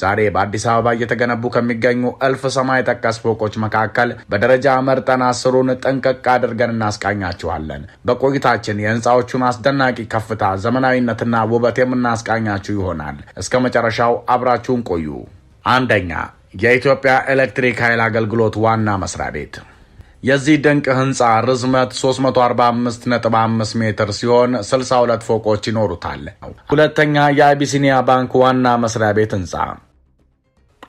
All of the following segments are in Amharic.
ዛሬ በአዲስ አበባ እየተገነቡ ከሚገኙ እልፍ ሰማይ ጠቀስ ፎቆች መካከል በደረጃ መርጠን አስሩን ጠንቀቅ አድርገን እናስቃኛችኋለን። በቆይታችን የህንፃዎቹን አስደናቂ ከፍታ፣ ዘመናዊነትና ውበት የምናስቃኛችሁ ይሆናል። እስከ መጨረሻው አብራችሁን ቆዩ። አንደኛ የኢትዮጵያ ኤሌክትሪክ ኃይል አገልግሎት ዋና መስሪያ ቤት የዚህ ድንቅ ህንፃ ርዝመት 345.5 ሜትር ሲሆን 62 ፎቆች ይኖሩታል። ሁለተኛ የአቢሲኒያ ባንክ ዋና መስሪያ ቤት ህንፃ።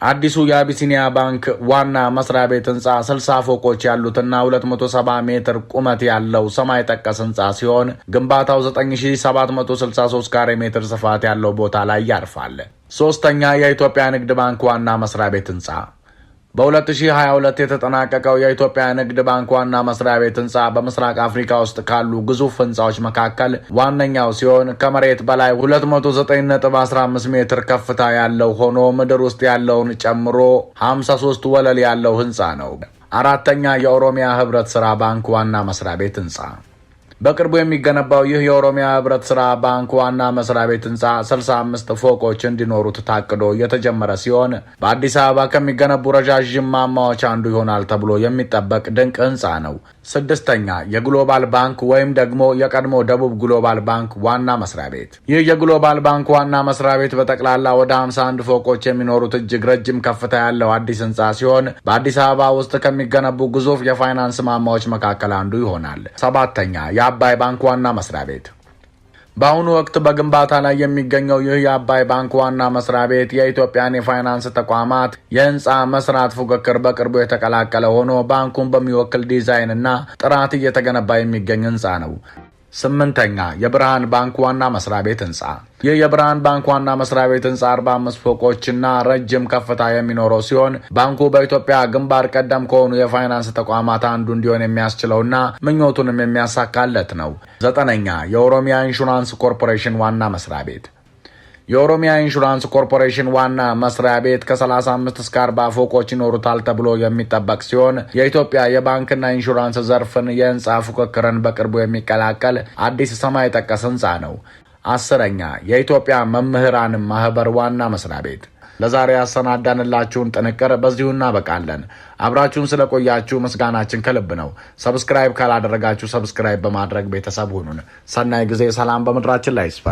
አዲሱ የአቢሲኒያ ባንክ ዋና መስሪያ ቤት ህንፃ 60 ፎቆች ያሉትና 270 ሜትር ቁመት ያለው ሰማይ ጠቀስ ህንፃ ሲሆን ግንባታው 9763 ካሬ ሜትር ስፋት ያለው ቦታ ላይ ያርፋል። ሶስተኛ የኢትዮጵያ ንግድ ባንክ ዋና መስሪያ ቤት ህንፃ በ2022 የተጠናቀቀው የኢትዮጵያ ንግድ ባንክ ዋና መስሪያ ቤት ህንፃ በምስራቅ አፍሪካ ውስጥ ካሉ ግዙፍ ህንፃዎች መካከል ዋነኛው ሲሆን ከመሬት በላይ 2915 ሜትር ከፍታ ያለው ሆኖ ምድር ውስጥ ያለውን ጨምሮ 53 ወለል ያለው ህንፃ ነው። አራተኛ የኦሮሚያ ህብረት ስራ ባንክ ዋና መስሪያ ቤት ህንፃ በቅርቡ የሚገነባው ይህ የኦሮሚያ ህብረት ስራ ባንክ ዋና መስሪያ ቤት ህንፃ 65 ፎቆች እንዲኖሩት ታቅዶ የተጀመረ ሲሆን በአዲስ አበባ ከሚገነቡ ረዣዥም ማማዎች አንዱ ይሆናል ተብሎ የሚጠበቅ ድንቅ ህንፃ ነው። ስድስተኛ የግሎባል ባንክ ወይም ደግሞ የቀድሞ ደቡብ ግሎባል ባንክ ዋና መስሪያ ቤት። ይህ የግሎባል ባንክ ዋና መስሪያ ቤት በጠቅላላ ወደ 51 ፎቆች የሚኖሩት እጅግ ረጅም ከፍታ ያለው አዲስ ህንፃ ሲሆን በአዲስ አበባ ውስጥ ከሚገነቡ ግዙፍ የፋይናንስ ማማዎች መካከል አንዱ ይሆናል። ሰባተኛ የአባይ ባንክ ዋና መስሪያ ቤት በአሁኑ ወቅት በግንባታ ላይ የሚገኘው ይህ የአባይ ባንክ ዋና መስሪያ ቤት የኢትዮጵያን የፋይናንስ ተቋማት የህንፃ መስራት ፉክክር በቅርቡ የተቀላቀለ ሆኖ ባንኩን በሚወክል ዲዛይን እና ጥራት እየተገነባ የሚገኝ ህንፃ ነው። ስምንተኛ የብርሃን ባንክ ዋና መስሪያ ቤት ህንፃ። ይህ የብርሃን ባንክ ዋና መስሪያ ቤት ህንፃ 45 ፎቆችና ረጅም ከፍታ የሚኖረው ሲሆን ባንኩ በኢትዮጵያ ግንባር ቀደም ከሆኑ የፋይናንስ ተቋማት አንዱ እንዲሆን የሚያስችለውና ምኞቱንም የሚያሳካለት ነው። ዘጠነኛ የኦሮሚያ ኢንሹራንስ ኮርፖሬሽን ዋና መስሪያ ቤት የኦሮሚያ ኢንሹራንስ ኮርፖሬሽን ዋና መስሪያ ቤት ከ35 እስከ 40 ፎቆች ይኖሩታል ተብሎ የሚጠበቅ ሲሆን የኢትዮጵያ የባንክና ኢንሹራንስ ዘርፍን የህንፃ ፉክክርን በቅርቡ የሚቀላቀል አዲስ ሰማይ ጠቀስ ህንፃ ነው። አስረኛ የኢትዮጵያ መምህራን ማህበር ዋና መስሪያ ቤት። ለዛሬ ያሰናዳንላችሁን ጥንቅር በዚሁ እናበቃለን። አብራችሁን ስለቆያችሁ ምስጋናችን ከልብ ነው። ሰብስክራይብ ካላደረጋችሁ ሰብስክራይብ በማድረግ ቤተሰብ ሁኑን። ሰናይ ጊዜ። ሰላም በምድራችን ላይ ይስፈን።